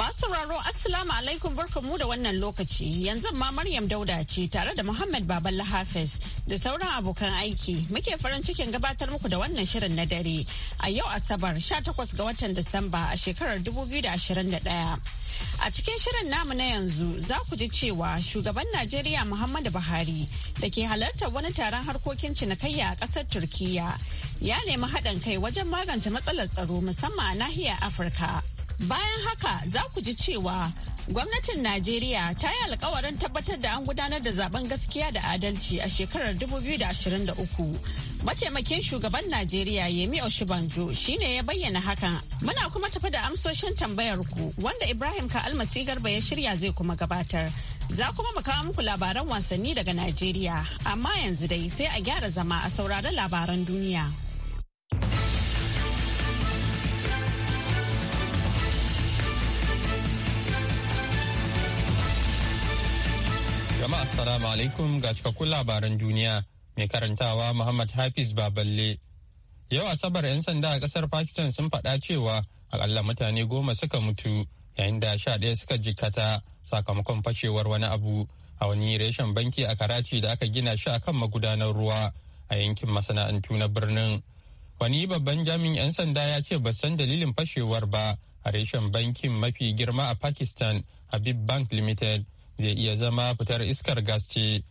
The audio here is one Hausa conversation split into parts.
Masu sauraro Assalamu alaikum mu da wannan lokaci yanzu ma Maryam Dauda ce tare da Muhammad Baballa lahafes da sauran abokan aiki muke farin cikin gabatar muku da wannan shirin na dare a yau Asabar 18 ga watan Disamba a shekarar 2021. A cikin shirin namu na yanzu za ku ji cewa shugaban Najeriya Muhammadu Buhari da ke halartar wani taron harkokin cinikayya a ƙasar Turkiyya ya nemi haɗin kai wajen magance matsalar tsaro musamman a nahiyar Afirka. Bayan haka za ku ji cewa gwamnatin Najeriya ta yi alkawarin tabbatar da an gudanar da zaben gaskiya da adalci a shekarar 2023. Mataimakin shugaban Najeriya Yemi Oshibanjo shine ya bayyana haka. Muna kuma tafi da amsoshin tambayar ku wanda Ibrahim Ka'almasi Garba ya shirya zai kuma gabatar. Za kuma mu kawo muku labaran wasanni daga Najeriya, amma yanzu dai sai a gyara zama a sauraron labaran duniya. Assalamu alaikum ga cikakkun labaran duniya mai karantawa Muhammad Hafiz Baballe. Yau Asabar 'yan sanda a kasar Pakistan sun faɗa cewa akalla mutane goma suka mutu yayin da sha ɗaya suka jikata sakamakon fashewar wani abu a wani reshen banki a Karachi da aka gina shi a kan magudanar ruwa a yankin masana'antu na birnin. Wani babban jami'in 'yan sanda ya ce ba san dalilin fashewar ba a reshen bankin mafi girma a Pakistan Habib Bank Limited zai iya zama fitar iskar gas ce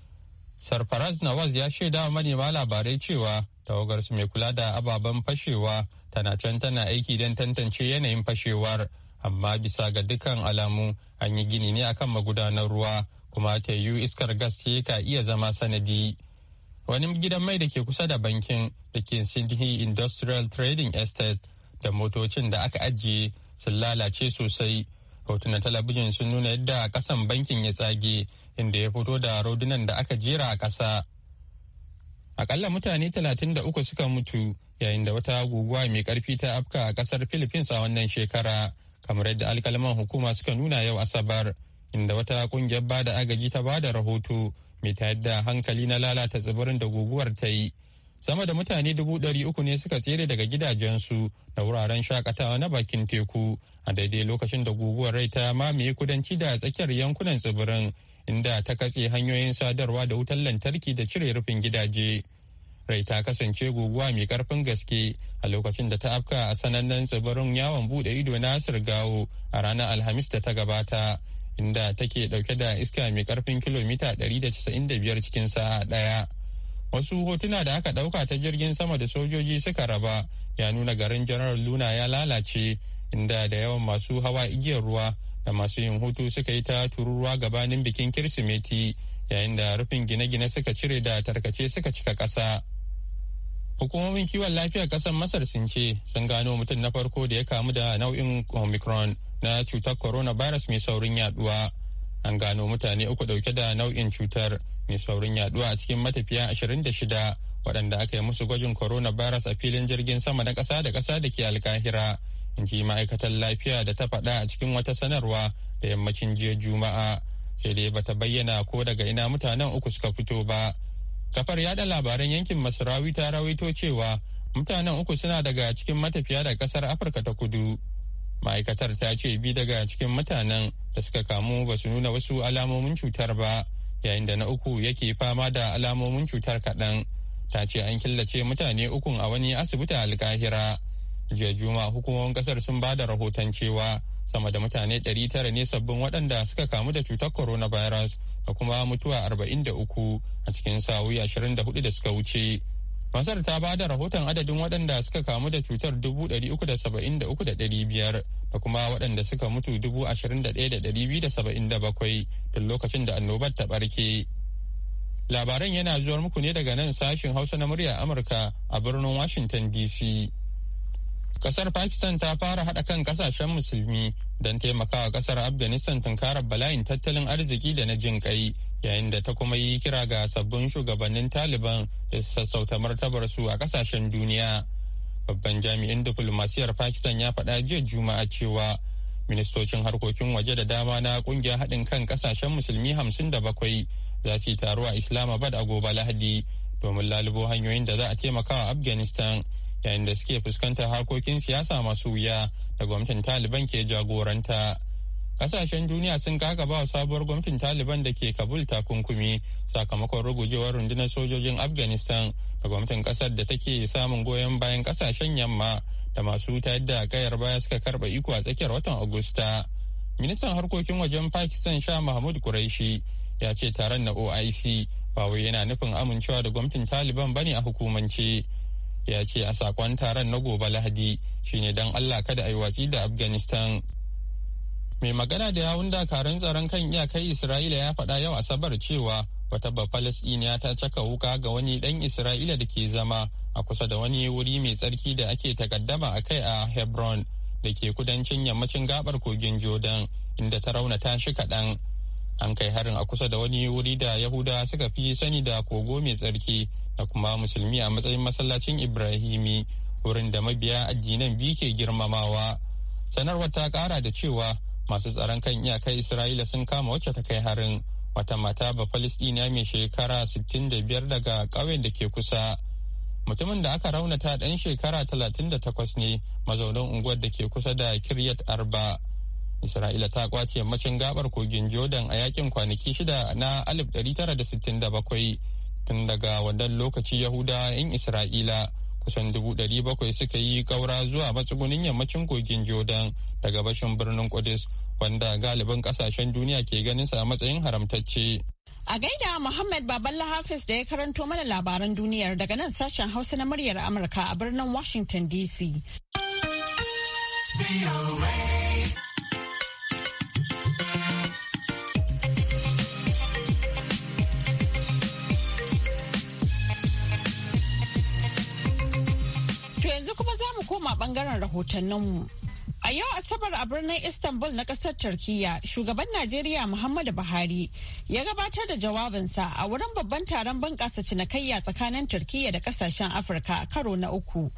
sarfaraz nawaz ya shaida wa manema labarai cewa tawagarsu mai kula da ababen fashewa tana can tana aiki don tantance yanayin fashewar amma bisa ga dukkan alamu an yi gini ne akan magudanar ruwa kuma ta yiwu iskar gas ce ka iya zama sanadi wani gidan mai da ke kusa da bankin da ke sydney industrial trading estate da motocin da aka ajiye sun lalace sosai hotunan talabijin sun nuna yadda kasan bankin ya tsage inda ya fito da rodunan da aka jera a ƙasa akalla mutane 33 suka mutu yayin da wata guguwa mai karfi ta afka a kasar philippines a wannan shekara kamar yadda alkalman hukuma suka nuna yau asabar inda wata kungiyar bada agaji ta bada rahoto mai ta yadda hankali na lalata tsibirin da guguwar ta yi sama da mutane dubu ɗari uku ne suka tsere daga gidajensu da wuraren shakatawa na bakin teku a daidai lokacin da guguwar rai ta mamaye kudanci da tsakiyar yankunan tsibirin inda ta katse hanyoyin sadarwa da wutar lantarki da cire rufin gidaje rai ta kasance guguwa mai karfin gaske a lokacin da ta afka a sanannen tsibirin yawon bude ido na sirgawo a ranar alhamis da ta gabata inda take dauke da iska mai karfin kilomita 195 cikin sa'a daya wasu hotuna da aka ɗauka ta jirgin sama da sojoji suka raba ya nuna garin janaral luna ya lalace inda da yawan masu hawa igiyar ruwa da masu yin hutu suka yi ta tururuwa gabanin bikin kirsimeti yayin da rufin gine-gine suka cire da tarkace suka cika ƙasa hukumomin kiwon lafiyar ƙasar masar sun ce sun gano mutum na farko da ya kamu da nau'in omicron na cutar coronavirus mai saurin yaduwa an gano mutane uku dauke da nau'in cutar mai saurin yaduwa a cikin matafiya 26 waɗanda aka yi musu gwajin corona coronavirus a filin jirgin sama na ƙasa da ƙasa da ke alkahira in ji ma'aikatar lafiya da ta faɗa a cikin wata sanarwa da yammacin jiya juma'a sai dai bata bayyana ko daga ina mutanen uku suka fito ba kafar yada labaran yankin masarawi ta rawaito cewa mutanen uku suna daga cikin matafiya da ƙasar afirka ta kudu ma'aikatar ta ce bi daga cikin mutanen da suka kamu ba su nuna wasu alamomin cutar ba yayin da na uku yake fama da alamomin cutar kaɗan ta ce an killace mutane ukun a wani asibiti a alkahira jiya juma hukumomin kasar sun ba da rahoton cewa sama da mutane 900 ne sabbin waɗanda suka kamu da cutar coronavirus da kuma mutuwa 43 a cikin sa'o'i 24 da suka wuce Masar ta ba da rahoton adadin waɗanda suka kamu da cutar 373,500 da kuma waɗanda suka mutu 21,277 tun lokacin da annobar ta ɓarke. Labaran yana zuwar muku ne daga nan sashin Hausa na murya Amurka a birnin Washington DC. Kasar Pakistan ta fara haɗa kan kasashen musulmi don taimakawa kasar Afghanistan tunkarar bala'in tattalin arziki da na jin ƙai. yayin da ta kuma yi kira ga sabbin shugabannin taliban da su sassauta su a kasashen duniya babban jami'in diflomasiyar pakistan ya faɗa jiya juma'a cewa ministocin harkokin waje da dama na ƙungiyar haɗin kan kasashen musulmi hamsin da bakwai za su yi taro a islamabad a gobe lahadi domin lalubo hanyoyin da za a taimaka wa afghanistan yayin da suke fuskantar harkokin siyasa masu wuya da gwamnatin taliban ke jagoranta Kasashen duniya sun gagaba wa sabuwar gwamnatin Taliban da ke Kabul takunkumi sakamakon rugujewar rundunar sojojin Afghanistan da gwamnatin kasar da take samun goyon bayan kasashen yamma da masu tayar da kayar baya suka karba iko a tsakiyar watan Agusta. Ministan harkokin wajen Pakistan sha Mahmud Quraishi ya ce taron na OIC ba wai yana nufin amincewa da gwamnatin Taliban bane a hukumance. Ya ce a sakon taron na gobe Lahadi shine don Allah kada a yi watsi da Afghanistan. mai magana da yawun dakarun tsaron kan iyakar isra'ila ya faɗa yau asabar cewa wata bafalastiniya ta caka wuka ga wani ɗan isra'ila da ke zama a kusa da wani wuri mai tsarki da ake takaddama a kai a hebron da ke kudancin yammacin gabar kogin jordan inda ta raunata shi kaɗan an kai harin a kusa da wani wuri da yahuda suka fi sani da kogo mai tsarki da kuma musulmi a matsayin masallacin ibrahimi wurin da mabiya addinan biyu ke girmamawa sanarwar ta kara da cewa masu tsaron kan iyakar isra'ila sun kama wacce ta kai harin wata mata ba falisdina mai shekara 65 daga ƙauyen da ke kusa mutumin da aka raunata ɗan shekara 38 ne mazaunin unguwar da ke kusa da kiryat arba isra'ila ta kwace yammacin gabar kogin jordan a yakin kwanaki shida na 1967 tun daga wannan lokaci yahuda in isra'ila kusan 700 suka yi ƙaura zuwa matsugunin yammacin kogin jordan daga bashin birnin kudus wanda galibin kasashen duniya ke ganin sa matsayin haramtacce. A gaida Muhammad Baballa Hafiz da ya karanto mana labaran duniyar daga nan sashen Hausa na muryar Amurka a birnin Washington DC. To yanzu kuma za mu koma bangaren rahotanninmu. A yau Asabar a birnin Istanbul na kasar Turkiyya, shugaban Najeriya Muhammadu Buhari ya gabatar da jawabinsa a wurin babban taron bunƙasa cinikayya tsakanin Turkiyya da kasashen Afirka karo na uku,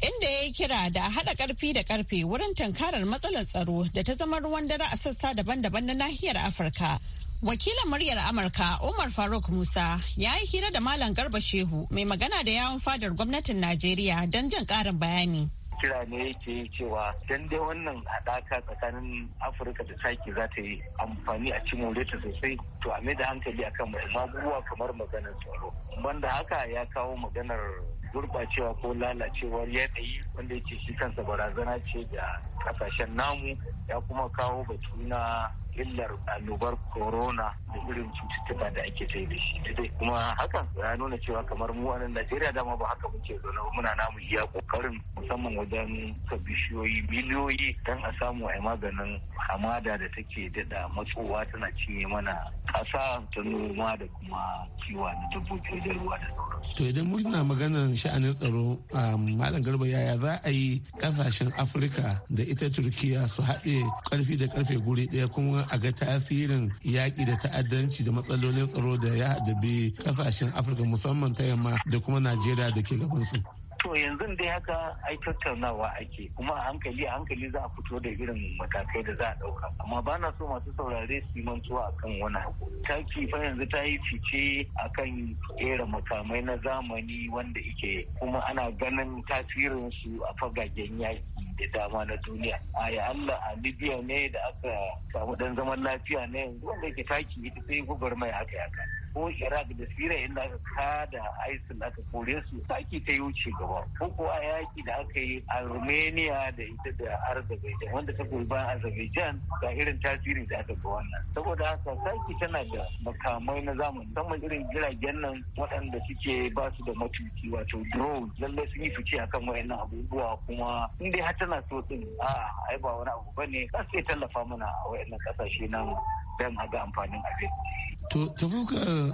inda ya yi kira da a haɗa ƙarfi da ƙarfe wurin tankarar matsalar tsaro da ta zama ruwan dare a sassa daban-daban na nahiyar Afirka. Wakilin muryar Amurka Umar Faruk Musa ya yi hira da Malam Garba Shehu mai magana da yawon fadar gwamnatin Najeriya don jin ƙarin bayani. kira ne yake cewa dan dai wannan haɗaka tsakanin afirka da saki za ta yi amfani a cimo ta sosai to a da hankali akan maguwa kamar maganar tsaro banda haka ya kawo maganar gurɓacewa ko lalacewar yanayi wanda yake shi kansa barazana ce da kasashen namu ya kuma kawo batu na illar annobar corona da irin cututtuka da ake ta da shi dai kuma hakan ya nuna cewa kamar mu a nan Najeriya dama ba haka muke zaune muna namu iya kokarin musamman wajen ka bishiyoyi miliyoyi don a samu a maganin hamada da take daɗa matsowa tana cinye mana kasa. ta noma da kuma kiwa na dabbobi da ruwa da sauransu. To idan muna maganar sha'anin tsaro a um, malam garba yaya za a yi ƙasashen Afirka da ita Turkiya su haɗe ƙarfi da ƙarfe guri ɗaya kuma Aga a ga tasirin yaƙi da ta'addanci da matsalolin tsaro da ya haddabe kasashen afirka musamman ta yamma da kuma najeriya da ke gabansu to yanzu dai haka ai tattaunawa ake kuma a hankali a hankali za a fito da irin matakai da za a ɗauka amma ba na so masu saurare su mantuwa akan wani abu taki fa yanzu ta yi fice a kan ƙera makamai na zamani wanda ike kuma ana ganin tasirinsu a fagagen yaƙi da dama na duniya a ya Allah a Libya ne da aka samu dan zaman lafiya ne wanda ke taki ita sai gwagwarmaya aka yaka ko iraq da syria inda aka da isil aka kore su saki ta yi wuce gaba ko ko a yaki da aka yi a romania da ita da azerbaijan wanda ta goyi bayan azerbaijan ga irin tasiri da aka ga wannan saboda haka saki tana da makamai na zamani musamman irin jiragen nan waɗanda suke ba su da matuki wato drone lallai sun yi fice akan wayannan abubuwa kuma in dai har tana so din a ai ba wani abu bane za su tallafa mana a wayannan kasashe na dan a ga amfanin abin To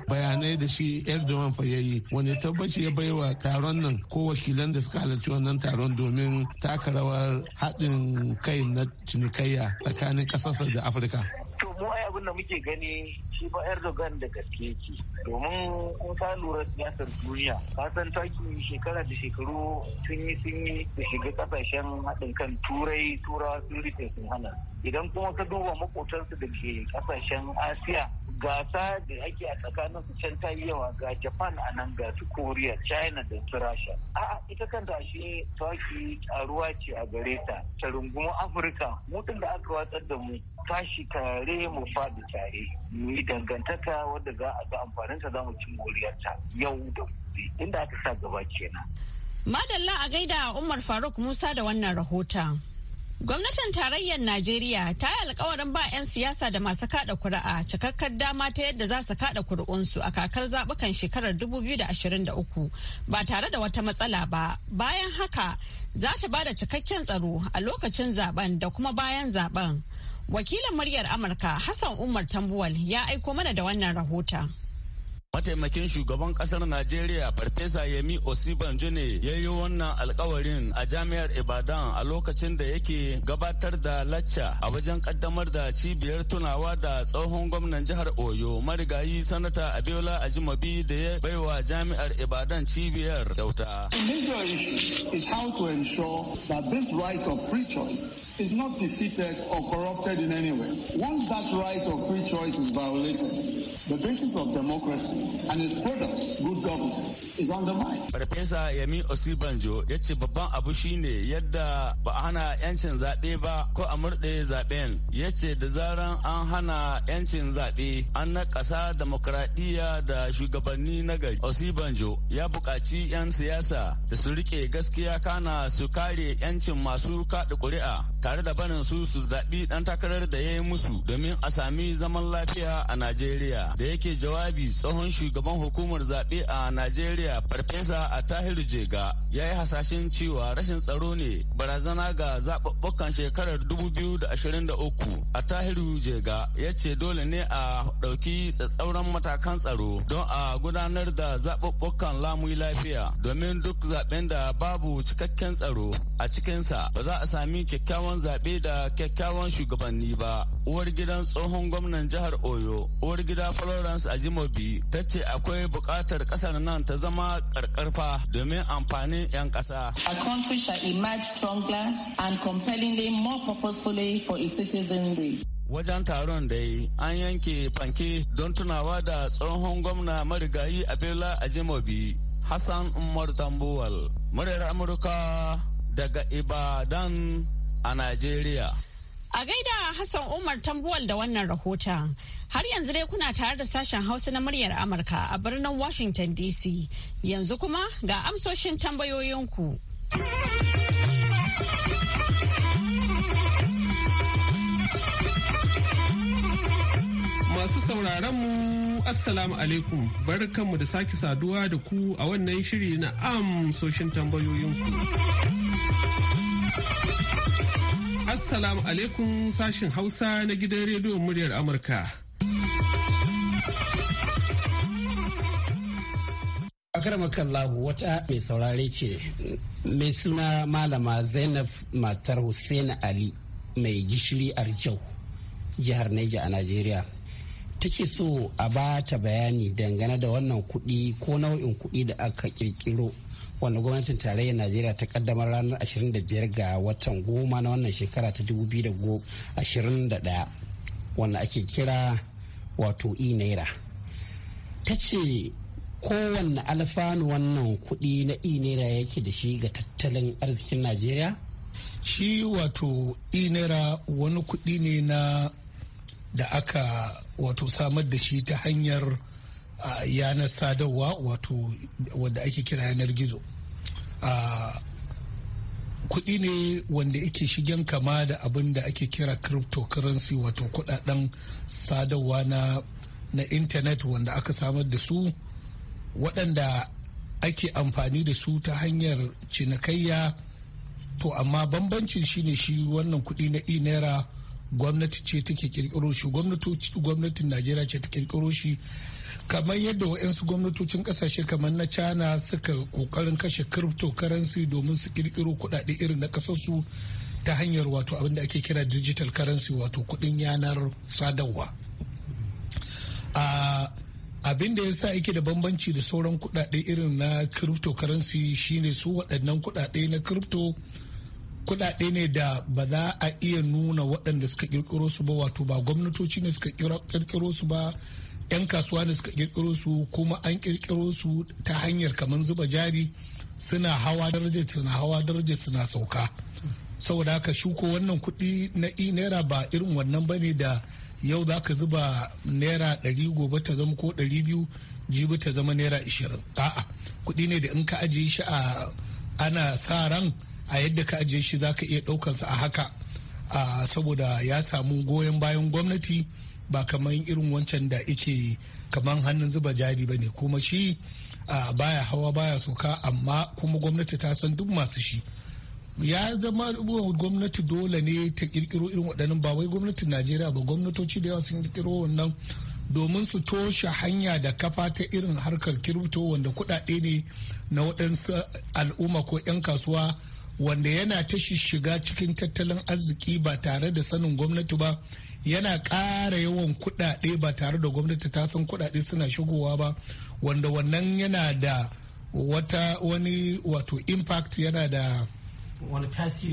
bayanai da shi Erdogan fa ya yi wani tabbaci ya baiwa taron nan ko wakilan da suka halarci wannan taron domin taka rawar haɗin kai na cinikayya tsakanin ƙasarsa da Afirka. To mu ai abin da muke gani shi ba Erdogan da gaske yake domin kun ka lura siyasar duniya ka san taki shekara da shekaru sun yi sun yi da shiga kasashen haɗin kan turai turawa sun rufe sun hana idan kuma ka duba makotarsu da ke kasashen asiya gasa da ake a tsakanin su can ta yi yawa ga japan a nan ga su koriya china da su rasha a ita kanta shi taki karuwa ce a gare ta ta rungumi afirka mutum da aka watsar da mu tashi tare mu faɗi tare mu dangantaka wadda za a ga amfaninta za mu ci moriyarta yau da gobe inda aka sa gaba kenan madalla a gaida umar faruk musa da wannan rahoton Gwamnatin tarayyar Najeriya ta yi alkawarin ba 'yan siyasa da masu kada kuri'a cikakkar dama ta yadda za su kada kuri'unsu a kakar zabukan shekarar 2023 ba tare da wata matsala ba. Bayan haka za ta ba da cikakken tsaro a lokacin zaben da kuma bayan zaben. Wakilin muryar Amurka Hassan Umar Tambuwal ya aiko mana da wannan rahoton. Mataimakin shugaban kasar Najeriya Farfesa Yemi Osibanjo ne ya yi wannan alkawarin a jami'ar Ibadan a lokacin da yake gabatar da lacca a wajen kaddamar da cibiyar tunawa da tsohon gwamnan jihar Oyo marigayi sanata Abiola Ajimabi da ya baiwa jami'ar Ibadan cibiyar kyauta. is how to ensure that this right of free choice is not defeated or corrupted in any way. Once that right of free choice is violated, the basis of democracy Farfesa Yemi Osibanjo ya ce babban abu shine yadda ba a hana 'yancin zaɓe ba ko a murɗe zaɓen. Ya ce da zaran an hana 'yancin zaɓe an na naƙasa demokuraɗiyya da shugabanni na gari. Osibanjo ya buƙaci 'yan siyasa da su riƙe gaskiya kana su kare 'yancin masu kaɗa ƙuri'a tare da barin su su zaɓi ɗan takarar da ya yi musu domin a sami zaman lafiya a Najeriya. Da yake jawabi tsohon shugaban hukumar zaɓe a Najeriya Farfesa a Tahiru Jega ya yi hasashen cewa rashin tsaro ne barazana ga zaɓaɓɓukan shekarar 2023. A Tahiru Jega ya ce dole ne a ɗauki tsatsauran matakan tsaro don a gudanar da zaɓaɓɓukan lamuyi lafiya domin duk zaɓen da babu cikakken tsaro a cikinsa ba za a sami kyakkyawan zaɓe da kyakkyawan shugabanni ba. Uwar gidan tsohon gwamnan jihar Oyo, uwar gida Florence Ajimobi ta ce akwai buƙatar ƙasar nan ta zama ƙarƙarfa domin amfanin 'yan ƙasa. A country shall emerge stronger and compellingly more purposefully for its citizenry. wajen taron da yi an yanke fanke don tunawa da tsohon gwamna marigayi a abela ajimobi hassan umar tambuwal muryar amurka daga ibadan a najeriya A gaida Hassan Umar Tambuwal da wannan rahota Har yanzu dai kuna tare da sashen Hausa na muryar Amurka a birnin Washington DC. Yanzu kuma ga amsoshin tambayoyinku. Masu sauraron mu Assalamu alaikum barkanmu da sake saduwa da ku a wannan shiri na amsoshin tambayoyinku. Assalamu alaikum sashin Hausa na gidan rediyon muryar Amurka. Akaramakallahu wata mai saurare ce mai suna malama Zainab matar Hussein Ali mai gishiri a Arjau jihar Neja a Najeriya. Take so a ba ta bayani dangane da wannan kuɗi ko nau'in kuɗi da aka kirkiro wanda gwamnatin tarayyar najeriya ta kaddamar ranar 25 ga watan goma na wannan shekara ta 2021 wanda ake kira wato e naira ta ce kowanne alfanu wannan kudi na e naira yake da shi ga tattalin arzikin najeriya shi wato e naira wani kuɗi ne na da aka wato samar da shi ta hanyar yanar sadarwa wato wadda ake kira yanar gizo kuɗi ne wanda yake shigen kama da abin da ake kira cryptocurrency wato kuɗaɗen sadarwa na na intanet wanda aka samar da su waɗanda ake amfani da su ta hanyar cinikayya to amma bambancin shine shi wannan kuɗi na e naira gwamnati ce take kirkiro shi gwamnatin najeriya ce ta kirkiro shi kamar yadda wa'yansu gwamnatocin kasashe kamar na china suka kokarin kashe cryptocurrency domin su kirkiro kudade irin na kasarsu ta hanyar wato abin da ake kira digital currency wato kudin yanar sadarwa abin da ya sa yake da bambanci da sauran kudade irin na cryptocurrency shine su waɗannan kudade na crypto kudade ne da ba za a iya nuna waɗanda suka kirkiro su ba wato ba gwamnatoci ne suka kirkiro su ba 'yan kasuwa da suka kirkiro su kuma an kirkiro su ta hanyar kamar zuba jari suna hawa darajar suna hawa daraja suna sauka saboda haka shuko wannan kuɗi na i naira ba irin wannan bane da yau za ka zuba naira ɗari gobe ta zama ko ɗari biyu jibi ta zama naira ishirin a'a kuɗi ne da in ka ajiye shi a ana sa ran a yadda ka ajiye shi za ka iya ɗaukarsa a haka saboda ya samu goyon bayan gwamnati ba kamar irin wancan da ake kamar hannun zuba jari ba ne kuma shi a baya hawa baya soka amma kuma gwamnati ta san duk masu shi ya zama gwamnati dole ne ta kirkiro irin waɗannan ba wai gwamnatin najeriya ba gwamnatoci da yawa sun kirkiro wannan domin su toshe hanya da kafa ta irin harkar kirifto wanda kuɗaɗe ne na waɗansu al'umma ko 'yan kasuwa wanda yana ta shiga cikin tattalin arziki ba tare da sanin gwamnati ba yana ƙara yawan kuɗaɗe ba tare da gwamnati ta san kuɗaɗe suna shigowa ba wanda wannan yana da wata wani wato impact yana da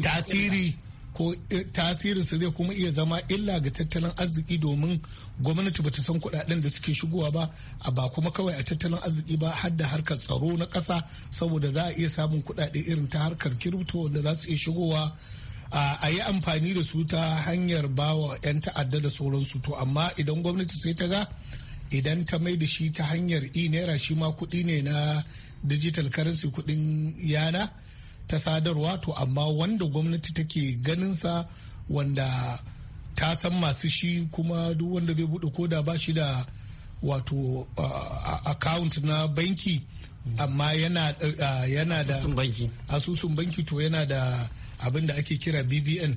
tasiri ko eh, tasirinsa zai kuma iya zama illa ga tattalin arziki domin gwamnati bata san kuɗaɗen da suke shigowa ba a ba kuma kawai a tattalin arziki ba har da harkar tsaro na kasa saboda za a iya samun kuɗaɗe irin ta harkar kirifto da za su iya shigowa a yi amfani da su ta hanyar bawa 'yan ta'adda da sauransu to amma idan gwamnati sai ta ga idan ta mai da shi ta hanyar e naira shi ma kuɗi ne na digital currency kuɗin yana ta sadarwa to amma wanda gwamnati take ganin sa wanda ta san masu shi kuma duk wanda zai buɗe koda ba shi da wato account na banki amma yana da asusun banki to yana da abin da ake kira bbn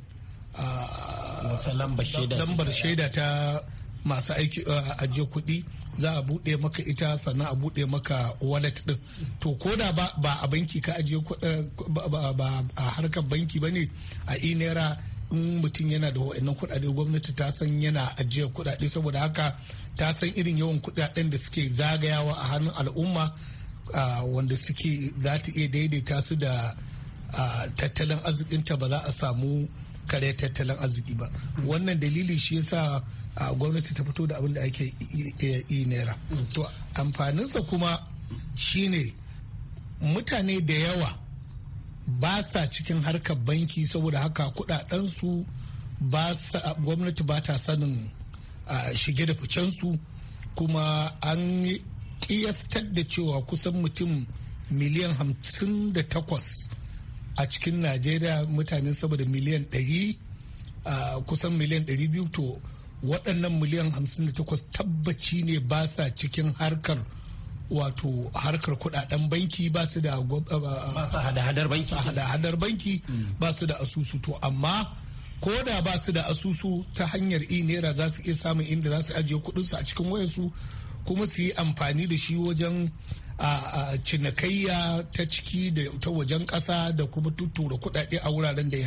lambar shaida ta masu aiki a uh, ajiye kuɗi za a buɗe maka ita sannan a buɗe maka wallet ɗin to ko da ba a banki ka ajiye uh, ba a harkar banki ba ne a inera in mutum yana da wa'annan kuɗaɗe gwamnati ta san yana ajiye kuɗaɗe saboda haka ta san irin yawan kuɗaɗen da suke zagayawa a hannun al'umma uh, wanda suke za ta iya daidaita su da tattalin arzikinta ba za a samu kare tattalin arziki ba wannan dalili shi yasa a gwamnati ta fito da abin da ake yi naira mm. to amfaninsa kuma shine mutane da yawa ba sa cikin harkar banki saboda haka kudadensu gwamnati ba ta sanin shige da ficensu kuma an kiyastar da cewa kusan mutum miliyan hamsin da takwas a cikin najeriya mutane saboda miliyan ɗari kusan miliyan ɗari waɗannan miliyan 58 tabbaci ne ba sa cikin harkar wato harkar kudaden banki ba su da hada banki mm. ba su da asusu to amma ko da ba su da asusu ta hanyar i naira za su iya samun inda za su ajiye kudinsu a cikin wayansu kuma su yi amfani da shi wajen a cinikayya ta ciki da ta wajen ƙasa da kuma tuttura kudade a wuraren da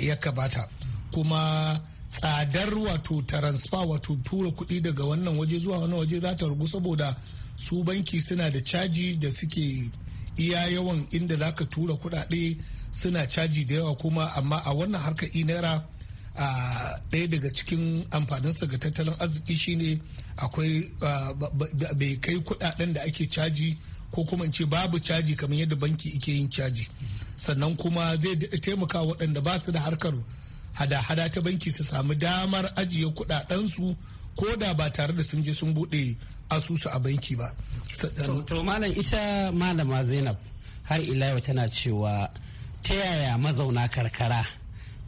ya kamata kuma tsadar wato transfer wato tura kuɗi daga wannan waje zuwa wannan waje za ta rugu saboda su banki suna da caji da suke iya yawan inda za ka tura kuɗaɗe suna caji da yawa kuma amma a wannan harkar i naira a ɗaya daga cikin amfaninsa ga tattalin arziki shine akwai bai kai kuɗaɗen da ake caji ko kuma in ce babu caji kamar yadda banki ike yin caji sannan kuma zai taimaka waɗanda ba su da harkar hada-hada ta banki su samu damar ajiye kudadensu ko da ba tare da sun je sun bude asusu a banki ba. To malam ita malama Zainab har ila tana cewa ta yaya mazauna karkara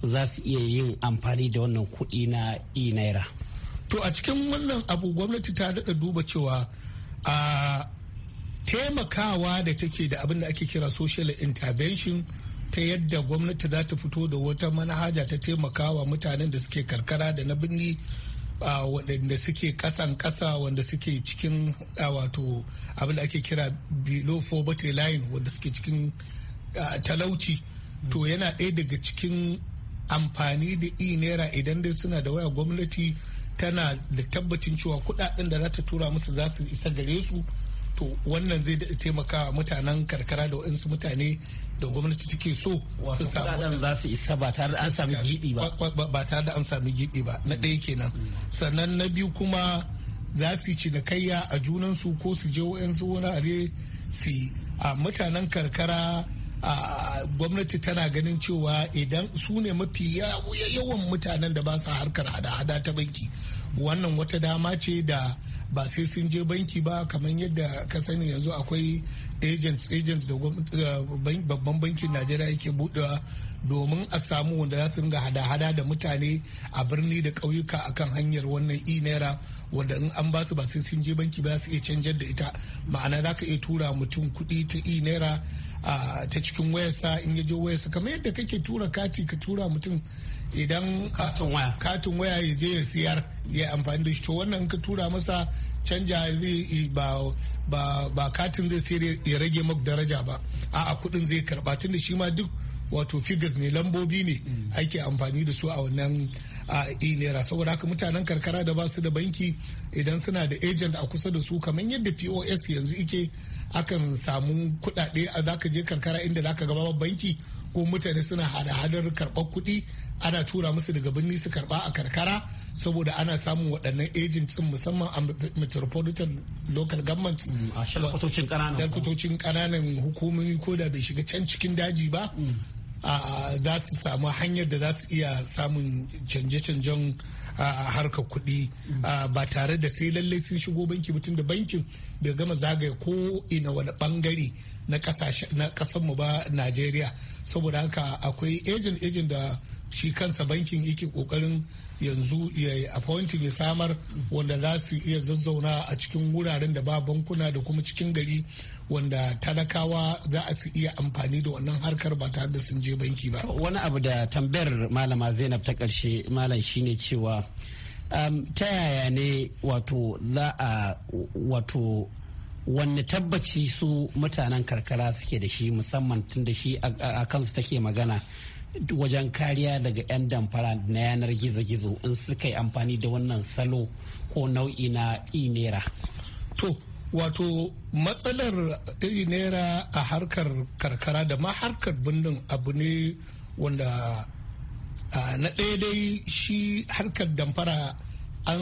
za su iya yin amfani da wannan kuɗi na e naira. To a cikin wannan abu gwamnati ta daɗa duba cewa a taimakawa da take da abin da ake kira social intervention ta yadda gwamnati za ta fito da wata manhaja ta taimakawa mutanen da suke karkara da na binni a waɗanda suke ƙasan ƙasa wanda suke cikin wato abin da ake kira below poverty line wanda suke cikin talauci to yana ɗaya daga cikin amfani da i naira idan dai suna da waya gwamnati tana da tabbacin cewa kuɗaɗen da za ta tura musu za su isa gare su to wannan zai taimaka mutanen karkara da waɗansu mutane da gwamnati take so su samu za su isa ba tare da an sami gidi ba ba tare da an sami gidi ba na ɗaya kenan sannan na biyu kuma za su yi cinikayya a junansu ko su je waɗansu are su a mutanen karkara a gwamnati tana ganin cewa idan su ne mafi yawan mutanen da ba su harkar hada-hada ta banki wannan wata dama ce da ba sai sun je banki ba kamar yadda ka sani yanzu akwai agents agents da babban bankin najeriya yake budewa domin a samu wanda za su hada-hada da mutane a birni da kauyuka akan hanyar wannan inera naira wanda in an su ba sai sun je banki ba su iya canjar da ita ma'ana za ka iya tura mutum kuɗi ta inera ta cikin wayarsa in ya je wayarsa kamar yadda kake tura kati ka tura mutum idan katin waya ya je ya siyar ya amfani da shi to wannan ka tura masa canja zai ba katin zai sayar ya rage maka daraja ba a'a kudin zai karba tunda shi ma duk wato figures ne lambobi ne ake amfani da su a wannan a naira saboda haka mutanen karkara da ba su da banki idan suna da agent a kusa da su kamar yadda pos yanzu ike akan samu kuɗaɗe a zaka je karkara inda zaka ga babu banki ko mutane suna hada-hadar karɓar kuɗi ana tura musu daga birni su karɓa a karkara saboda ana samun waɗannan agentsin musamman a metropolitan local government mm, a kutocin ƙananan hukumomi ko da bai shiga can cikin daji ba mm. za su samu hanyar da za su iya samun canje-canjen A harkar kuɗi ba tare da sai lallai sun shigo banki mutum da bankin bai gama zagaya ko ina wani bangare na ƙasar mu ba najeriya saboda haka akwai ejin ejin da shi kansa bankin yake ƙoƙarin yanzu ya yi appointing ya samar wanda za su iya zazzauna a cikin wuraren da ba bankuna da kuma cikin gari wanda talakawa za a su iya amfani da wannan harkar ba tare da sun je banki ba wani abu da tambayar malama zainab ta karshe malam shi ne cewa um, ta yaya ne wato za a wato wanne tabbaci su mutanen karkara suke da shi musamman tun da shi a kansu take magana wajen kariya daga 'yan damfara na yanar gizo-gizo in suka yi amfani da wannan salo ko nau'i na inera. to wato matsalar iri naira a harkar karkara da ma harkar birnin abu ne wanda na ɗaya dai shi harkar damfara an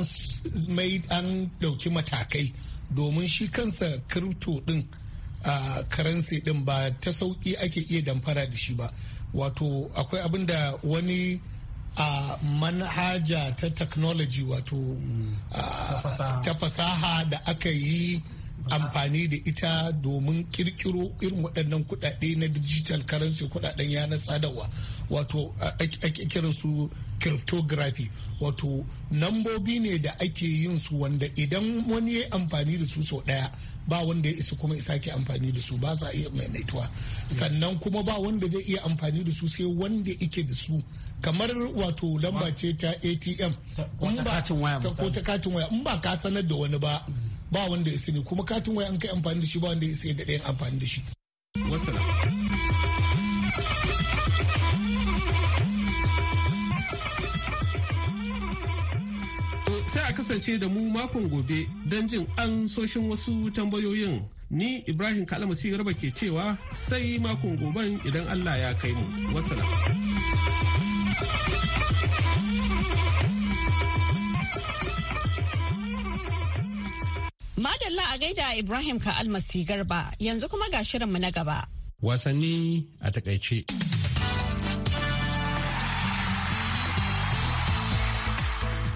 mai an ɗauki matakai domin shi kansa kirto ɗin a karansi ɗin ba ta sauƙi ake iya damfara da shi ba wato akwai abin da wani a manhaja ta technology wato ta fasaha da aka yi amfani da ita domin kirkiro irin waɗannan kuɗaɗe na digital currency kuɗaɗen yanar sadarwa wato ake kiran su cryptography wato nambobi ne da ake yin su wanda idan wani ya amfani da su sau ɗaya ba wanda ya isa kuma ya sake amfani da su ba sa iya maimaituwa sannan kuma ba wanda zai iya amfani da su sai wanda ike da su kamar wato lamba ce ta atm ko ta katin waya in ba ka sanar da wani ba ba wanda ya sani kuma katin waya an kai amfani da shi ba wanda ya sai daɗe amfani da shi. Wassalam. Sai a kasance da mu makon gobe don jin an soshin wasu tambayoyin ni Ibrahim Kalamasi Garba ke cewa sai makon goben idan Allah ya kai mu. Wassalam. gaida Ibrahim ka almasi garba yanzu kuma ga shirinmu na gaba. Wasanni a takaice.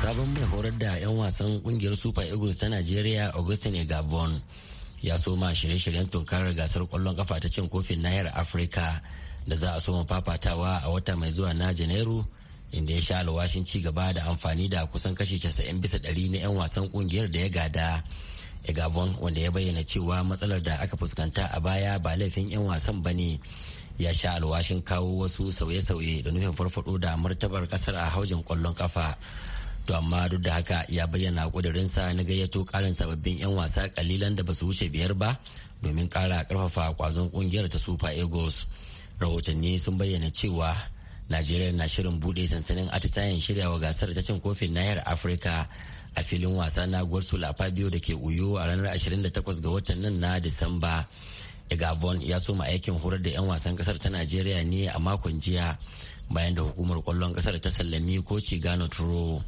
sabon mai horar da 'yan wasan kungiyar super eagles ta nigeria augustine gabon ya soma shirye-shiryen tunkarar gasar kwallon kafa ta cin kofin nahiyar afirka da za a soma fafatawa a wata mai zuwa na janairu inda ya sha alwashin ci gaba da amfani da kusan kashi 90 bisa ɗari na 'yan wasan kungiyar da ya gada egabon wanda ya bayyana cewa matsalar da aka fuskanta a baya ba laifin 'yan wasan ba ne ya sha alwashin kawo wasu sauye-sauye da nufin farfado da martabar kasar a haujin kwallon kafa to amma duk da haka ya bayyana kudurinsa na gayyato karin sababbin 'yan wasa kalilan da basu wuce biyar ba domin kara karfafa kwazon kungiyar ta super eagles rahotanni sun bayyana cewa najeriya na shirin bude sansanin atisayen wa gasar ta cin kofin nahiyar afirka a filin wasa na gwarsu biyu da ke uyo a ranar 28 ga watan nan na disamba gabon ya soma aikin horar da 'yan wasan kasar ta najeriya ne a makon jiya bayan da hukumar kwallon kasar ta sallami koci gano turo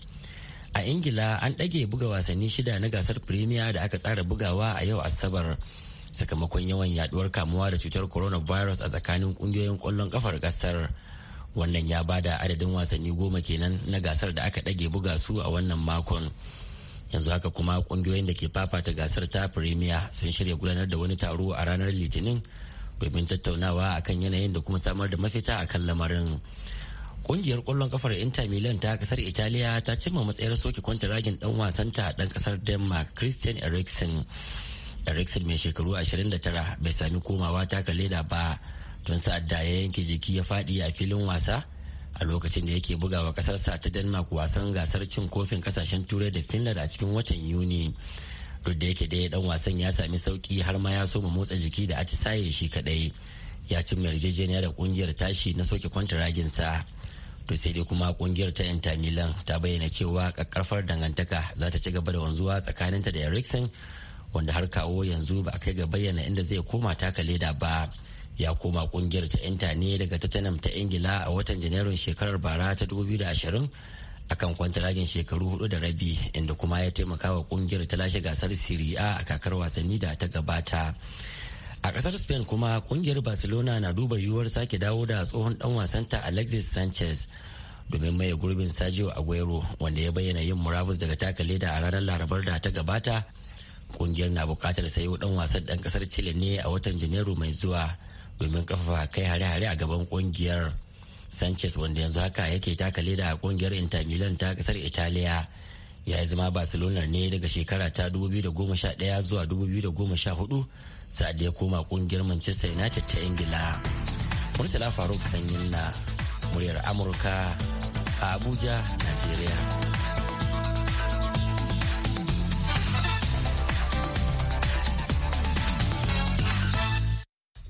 a ingila an ɗage buga wasanni shida na gasar premier da aka tsara bugawa a yau asabar sakamakon yawan yaduwar kamuwa da cutar coronavirus a tsakanin kungiyoyin kwallon kafar gasar wannan ya bada adadin wasanni goma kenan na gasar da aka ɗage buga su a wannan makon. yanzu haka kuma kungiyoyin da ke fafata gasar ta premier sun shirya gudanar da wani taro a ranar litinin domin tattaunawa akan yanayin da kuma samar da mafita akan lamarin kungiyar kwallon kafar inter milan ta kasar italiya ta cimma matsayar soke kwantaragin dan wasanta dan kasar denmark christian eriksen eriksen mai shekaru 29 bai sami komawa taka leda ba tun sa'ad da ya yanke jiki ya faɗi a filin wasa a lokacin da yake bugawa kasarsa ta denmark wasan gasar cin kofin kasashen turai da finland a cikin watan yuni duk da yake dai dan wasan ya sami sauki har ma ya soma motsa jiki da atisaye shi kadai ya cimma yarjejeniya da kungiyar tashi na soke kwantaraginsa to sai dai kuma kungiyar ta inter milan ta bayyana cewa kakkarfar dangantaka za ta ci gaba da wanzuwa tsakaninta da eriksen wanda har kawo yanzu ba a kai ga bayyana inda zai koma taka leda ba ya koma kungiyar ta yanta ne daga tottenham ta ingila a watan janairun shekarar bara ta 2020 akan ragin shekaru hudu da rabi inda kuma ya taimaka wa kungiyar ta lashe gasar siri'a a kakar wasanni da ta gabata a kasar spain kuma kungiyar barcelona na duba yiwuwar sake dawo da tsohon dan wasanta alexis sanchez domin maye gurbin sajiyo Aguero wanda ya bayyana yin murabus daga taka leda a ranar Larabar da ta gabata. Kungiyar na bukatar sayo dan wasan dan kasar Chile ne a watan Janairu mai zuwa domin kafafa kai hare-hare a gaban kungiyar sanchez wanda yanzu haka yake taka leda a kungiyar inter milan ta kasar italiya ya yi zama barcelona ne daga shekara ta 2011 zuwa 2014 sa'ad ya koma kungiyar manchester united ta ingila murtala faruk sanyin na muryar amurka a abuja nigeria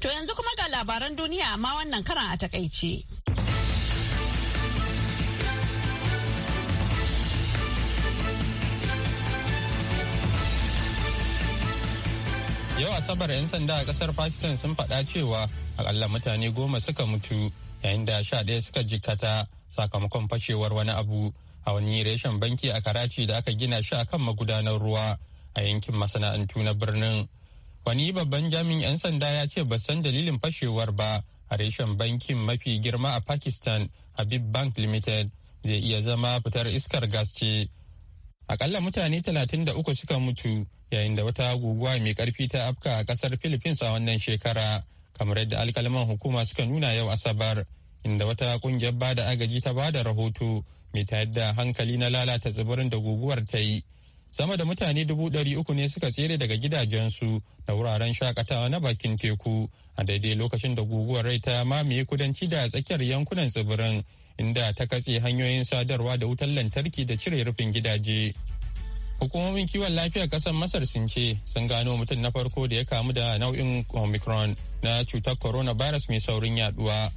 To yanzu kuma ga labaran duniya amma wannan karan a takaice. Yau Asabar 'yan sanda a kasar Pakistan sun faɗa cewa akalla mutane goma suka mutu yayin da sha ɗaya suka jikata sakamakon fashewar wani abu a wani reshen banki a Karachi da aka gina shi akan magudanar ruwa a yankin masana'antu na birnin. wani babban jami'in 'yan sanda ya ce ba san dalilin fashewar ba a reshen bankin mafi girma a pakistan habib bank limited zai iya zama fitar iskar gas ce akalla mutane 33 suka mutu yayin da wata guguwa mai karfi ta afka a kasar philippines a wannan shekara kamar yadda alkalman hukuma suka nuna yau asabar inda wata kungiyar bada agaji ta bada rahoto mai tayar da hankali na lalata tsibirin da guguwar ta yi sama da mutane dubu ɗari uku ne suka tsere daga gidajensu da wuraren shakatawa na bakin teku a daidai lokacin da guguwar rai ta mamaye kudanci da tsakiyar yankunan tsibirin inda ta katse hanyoyin sadarwa da wutar lantarki da cire rufin gidaje hukumomin kiwon lafiyar kasar masar sun ce sun gano mutum na farko da ya kamu da nau'in omicron na cutar coronavirus mai saurin yaduwa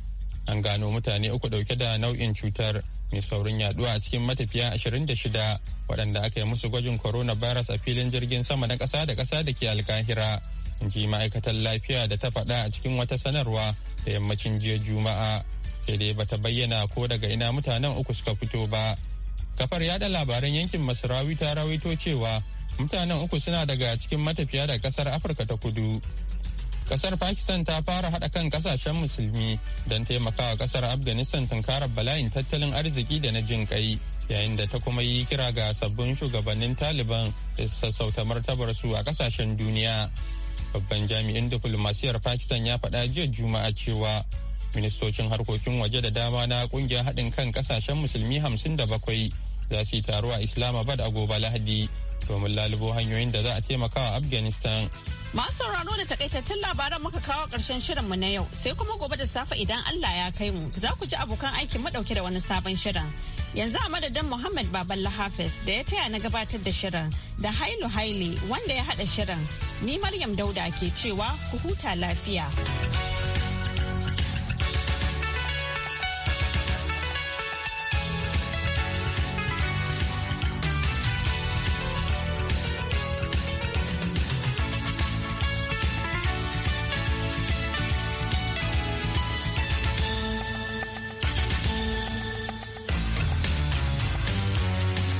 an gano mutane uku dauke da nau'in cutar mai saurin yaduwa a cikin matafiya 26 waɗanda aka yi musu gwajin corona coronavirus a filin jirgin sama na ƙasa da ƙasa da ke alkahira ji ma'aikatar lafiya da ta faɗa a cikin wata sanarwa da yammacin jiya juma'a sai dai bata bayyana ko daga ina mutanen uku suka fito ba kafar yada labaran yankin masarawi ta rawaito cewa mutanen uku suna daga cikin matafiya da ƙasar afirka ta kudu kasar pakistan ta fara hada kan kasashen musulmi don taimakawa kasar afghanistan tunkarar bala'in tattalin arziki da na jin kai yayin da ta kuma yi kira ga sabbin shugabannin taliban da sassauta martabar su a kasashen duniya babban jami'in diflomasiyar pakistan ya faɗa jiya juma'a cewa ministocin harkokin waje da dama na kungiyar haɗin kan kasashen musulmi hamsin da bakwai za su yi taro a islamabad a gobe lahadi domin lalubo hanyoyin da za a taimakawa afghanistan Masu sauraro da takaitattun labaran muka kawo ƙarshen shirinmu na yau sai kuma gobe da safe idan Allah ya kai mu za ku ji abokan aikin madauke da wani sabon shirin. Yanzu a madadin Muhammad Baballa Hafiz da ya taya na gabatar da shirin da Hailu Haile wanda ya haɗa shirin. Ni Maryam Dauda ke cewa ku huta lafiya.